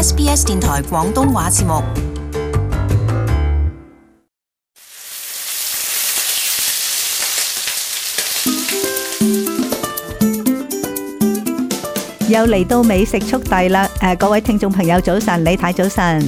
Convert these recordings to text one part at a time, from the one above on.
SBS 電台廣東話節目，又嚟到美食速遞啦！誒，各位聽眾朋友早晨，李太早晨，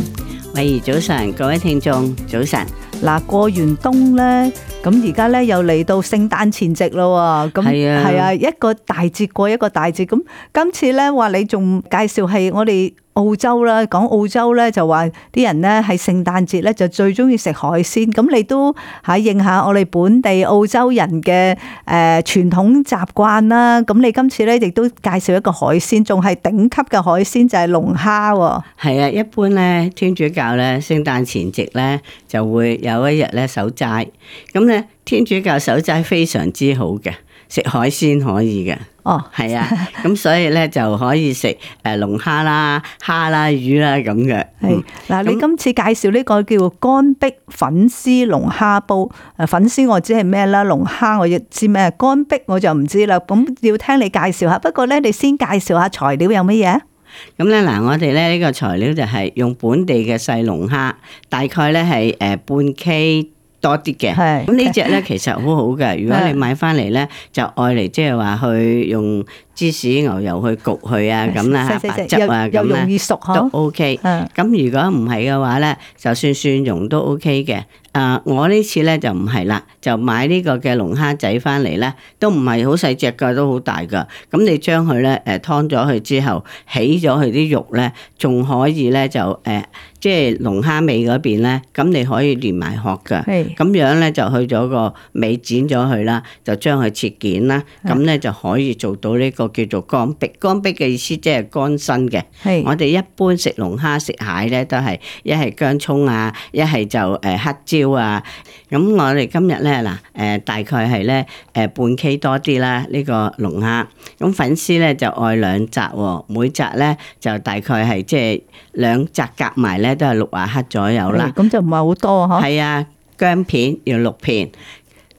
慧怡早晨，各位聽眾早晨。嗱，過完冬咧。咁而家咧又嚟到聖誕前夕咯喎，咁係啊，係啊，一個大節過一個大節，咁今次咧話你仲介紹係我哋澳洲啦，講澳洲咧就話啲人咧喺聖誕節咧就最中意食海鮮，咁你都喺應下我哋本地澳洲人嘅誒傳統習慣啦。咁你今次咧亦都介紹一個海鮮，仲係頂級嘅海鮮就係龍蝦喎。係啊，一般咧天主教咧聖誕前夕咧就會有一日咧守齋，咁。天主教手齋非常之好嘅，食海鮮可以嘅。哦，係啊的，咁 所以咧就可以食誒龍蝦啦、蝦啦、魚啦咁嘅。係嗱，你今的、嗯、次介紹呢個叫乾壁粉絲龍蝦煲。誒，粉絲我知係咩啦，龍蝦我亦知咩乾壁我就唔知啦。咁要聽你介紹下。不過咧，你先介紹下材料有乜嘢？咁咧嗱，我哋咧呢個材料就係用本地嘅細龍蝦，大概咧係誒半 K。多啲嘅，咁的呢隻咧 其實好好嘅，如果你買翻嚟咧，的就愛嚟即係話去用，芝士牛油去焗佢啊咁啦，白汁啊咁啦，都 OK。咁的如果唔係嘅話咧，就算蒜蓉都 OK 嘅。啊的，我呢次咧就唔係啦，就買呢個嘅龍蝦仔翻嚟咧，都唔係好細隻嘅，都好大嘅。咁你將佢咧誒劏咗佢之後，起咗佢啲肉咧，仲可以咧就誒，即、呃、係、就是、龍蝦尾嗰邊咧，咁你可以連埋殼嘅。咁的樣咧就去咗個尾剪咗佢啦，就將佢切件啦，咁咧的的就可以做到呢、這個。個叫做乾逼，乾逼嘅意思即係乾身嘅。是我哋一般食龍蝦食蟹咧，都係一係薑蔥啊，一係就誒黑椒啊。咁我哋今日咧嗱，誒、呃、大概係咧誒半 K 多啲啦。這個，龍蝦呢個龍蝦，咁粉絲咧就愛兩紮喎，每紮咧就大概係即係兩紮夾埋咧都係六啊克左右啦。咁就唔係好多嗬？係啊，薑片要六片。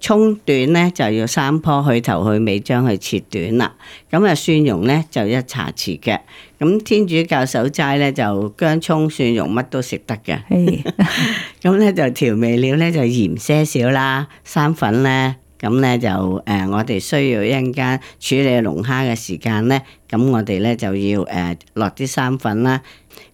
葱段咧就要三棵，去頭去尾將佢切短啦。咁啊蒜蓉咧就一茶匙嘅。咁天主教守齋咧就姜葱蒜蓉乜都食得嘅。咁咧 就調味料咧就鹽些少啦，生粉咧咁咧就誒、呃、我哋需要一陣間處理龍蝦嘅時間咧，咁我哋咧就要誒落啲生粉啦。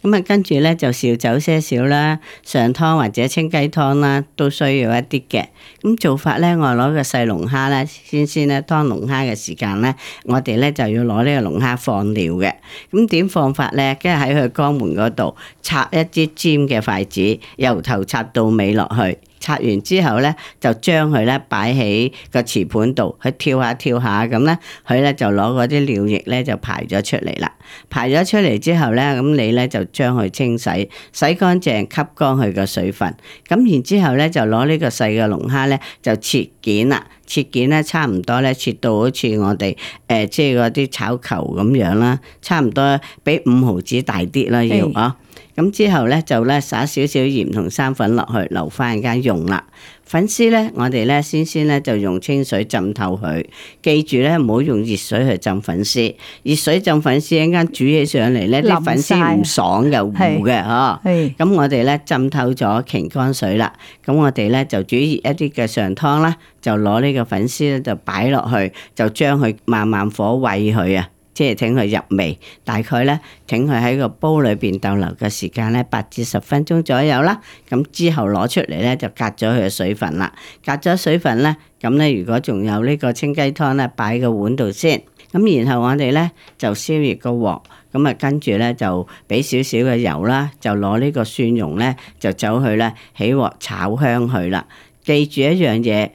咁啊，跟住咧就紹酒些少啦，上湯或者清雞湯啦，都需要一啲嘅。咁做法咧，我攞個細龍蝦啦，先先咧，劏龍蝦嘅時間咧，我哋咧就要攞呢個龍蝦放尿嘅。咁、嗯、點放法咧？跟住喺佢肛門嗰度插一支尖嘅筷子，由頭插到尾落去。拆完之後咧，就將佢咧擺喺個瓷盤度，佢跳下跳下咁咧，佢咧就攞嗰啲尿液咧就排咗出嚟啦。排咗出嚟之後咧，咁你咧就將佢清洗，洗乾淨，吸乾佢嘅水分。咁然之後咧，就攞呢個細嘅龍蝦咧，就切件啦。切件咧，差唔多咧，切到好似我哋誒、呃，即係嗰啲炒球咁樣啦，差唔多比五毫子大啲啦，要嗬。咁、哎、之後咧就咧撒少少鹽同生粉落去，留翻間用啦。粉絲咧，我哋咧先先咧就用清水浸透佢，記住咧唔好用熱水去浸粉絲，熱水浸粉絲一陣間煮起上嚟咧，啲粉絲唔爽又糊嘅嗬。咁、哦、我哋咧浸透咗晾乾水啦，咁我哋咧就煮熱一啲嘅上湯啦，就攞呢個粉絲咧就擺落去，就將佢慢慢火煨佢啊。即係請佢入味，大概咧請佢喺個煲裏邊逗留嘅時間咧，八至十分鐘左右啦。咁之後攞出嚟咧，就隔咗佢嘅水分啦。隔咗水分咧，咁咧如果仲有呢個清雞湯咧，擺個碗度先。咁然後我哋咧就燒熱個鑊，咁啊跟住咧就俾少少嘅油啦，就攞呢個蒜蓉咧就走去咧起鑊炒香佢啦。記住一樣嘢。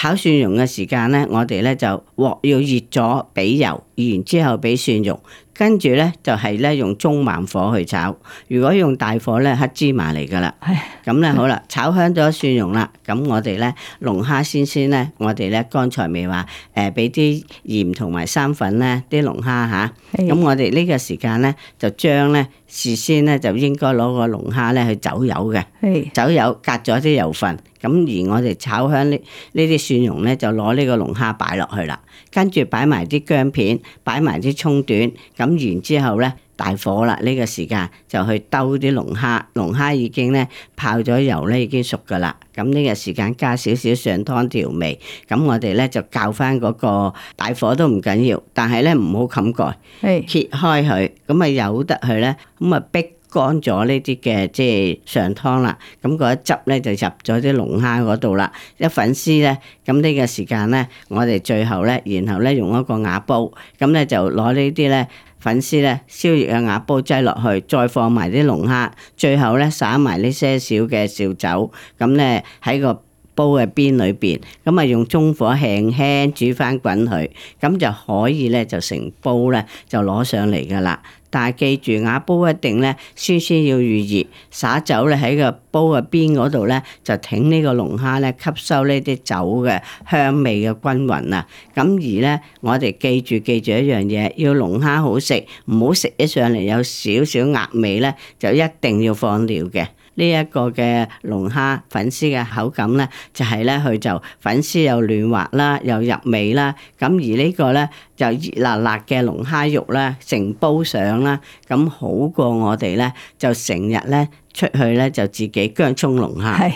炒蒜蓉嘅時間咧，我哋咧就鑊要熱咗，俾油，熱完之後俾蒜蓉，跟住咧就係、是、咧用中慢火去炒。如果用大火咧，黑芝麻嚟噶啦。咁咧 好啦，炒香咗蒜蓉啦，咁我哋咧龍蝦先先咧，我哋咧剛才未話誒俾啲鹽同埋生粉咧啲龍蝦嚇。咁 我哋呢個時間咧就將咧。事先咧就應該攞是個龍蝦咧去走油嘅，走油隔咗啲油份，咁而我哋炒香呢呢啲蒜蓉咧就攞呢個龍蝦擺落去啦，跟住擺埋啲薑片，擺埋啲葱段，咁然之後咧。大火啦！呢個時間就去兜啲龍蝦，龍蝦已經咧泡咗油咧，已經熟噶啦。咁呢個時間加少少上湯調味。咁我哋咧就教翻嗰個大火都唔緊要，但係咧唔好冚蓋，是揭開佢，咁啊由得佢咧，咁啊逼乾咗呢啲嘅即係上湯啦。咁嗰一汁咧就入咗啲龍蝦嗰度啦。一粉絲咧，咁呢個時間咧，我哋最後咧，然後咧用一個瓦煲，咁咧就攞呢啲咧。粉絲咧，燒熱嘅鴨煲擠落去，再放埋啲龍蝦，最後咧灑埋呢些少嘅燒酒，咁咧喺個煲嘅邊裏邊，咁啊用中火輕輕煮翻滾佢，咁就可以咧就成煲咧就攞上嚟噶啦。但係記住啊，鴨煲一定咧，先先要預熱，灑酒咧喺個煲嘅邊嗰度咧，就挺呢個龍蝦咧，吸收呢啲酒嘅香味嘅均勻啊。咁而咧，我哋記住記住一樣嘢，要龍蝦好食，唔好食起上嚟有少少鴨味咧，就一定要放料嘅。呢一個嘅龍蝦粉絲嘅口感呢，就係呢，佢就粉絲又嫩滑啦，又入味啦。咁而呢個呢，就熱辣辣嘅龍蝦肉呢，成煲上啦，咁好過我哋呢，就成日呢，出去呢，就自己薑葱龍蝦。係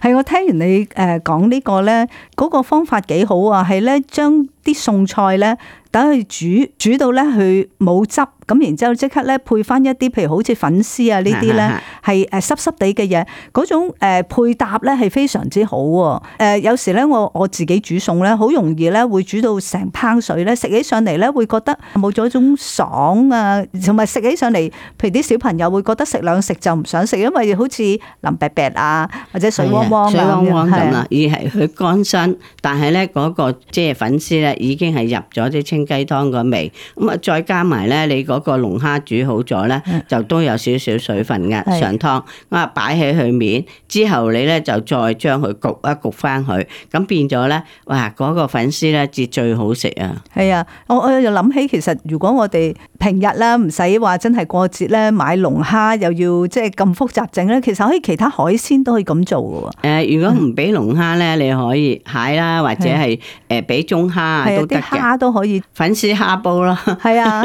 係，我聽完你誒講呢個呢，嗰個方法幾好啊！係呢，將啲餸菜呢，等佢煮煮到呢，佢冇汁。咁然之後即刻咧配翻一啲，譬如好似粉絲啊呢啲咧，係誒濕濕地嘅嘢，嗰是種配搭咧係非常之好喎。有時咧我我自己煮餸咧，好容易咧會煮到成湯水咧，食起上嚟咧會覺得冇咗一種爽啊，同埋食起上嚟，譬如啲小朋友會覺得食兩食就唔想食，因為好似腍白白啊，或者水汪汪，是是水汪汪咁啦，是而係佢乾身。但係咧嗰個即係粉絲咧已經係入咗啲清雞湯個味，咁啊再加埋咧你嗰個嗰個龍蝦煮好咗呢，啊、就都有少少水分嘅、啊、上湯。我話擺喺佢面之後，你呢就再將佢焗一焗翻去。咁變咗呢，哇！嗰、嗰個粉絲呢，至最好食啊！係啊，我我又諗起其實如果我哋平日咧唔使話真係過節呢，買龍蝦又要即係咁複雜整呢，其實可以其他海鮮都可以咁做嘅喎、啊。如果唔俾龍蝦呢，你可以蟹啦，或者係誒俾中蝦都得、啊啊、蝦都可以粉絲蝦煲咯。係啊。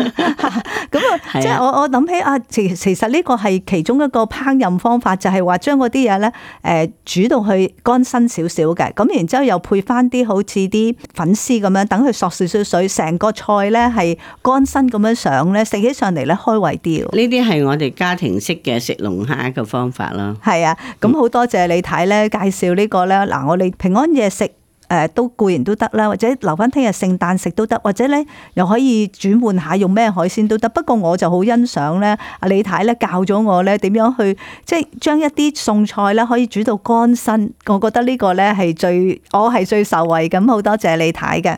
咁啊，的即係我我諗起啊，其其實呢個係其中一個烹飪方法，就係話將嗰啲嘢咧，誒煮到去乾身少少嘅，咁然之後又配翻啲好似啲粉絲咁樣，等佢嗦少少水，成個菜咧係乾身咁樣上咧，食起上嚟咧開胃啲。呢啲係我哋家庭式嘅食龍蝦嘅方法咯。係啊，咁好多謝你睇咧介紹呢、呢個咧，嗱我哋平安夜食。誒都固然都得啦，或者留返聽日聖誕食都得，或者咧又可以轉換下用咩海鮮都得。不過我就好欣賞咧，阿李太咧教咗我咧點樣去，即係將一啲餸菜咧可以煮到乾身。我覺得呢個咧係最我係最受惠咁，好多謝李太嘅。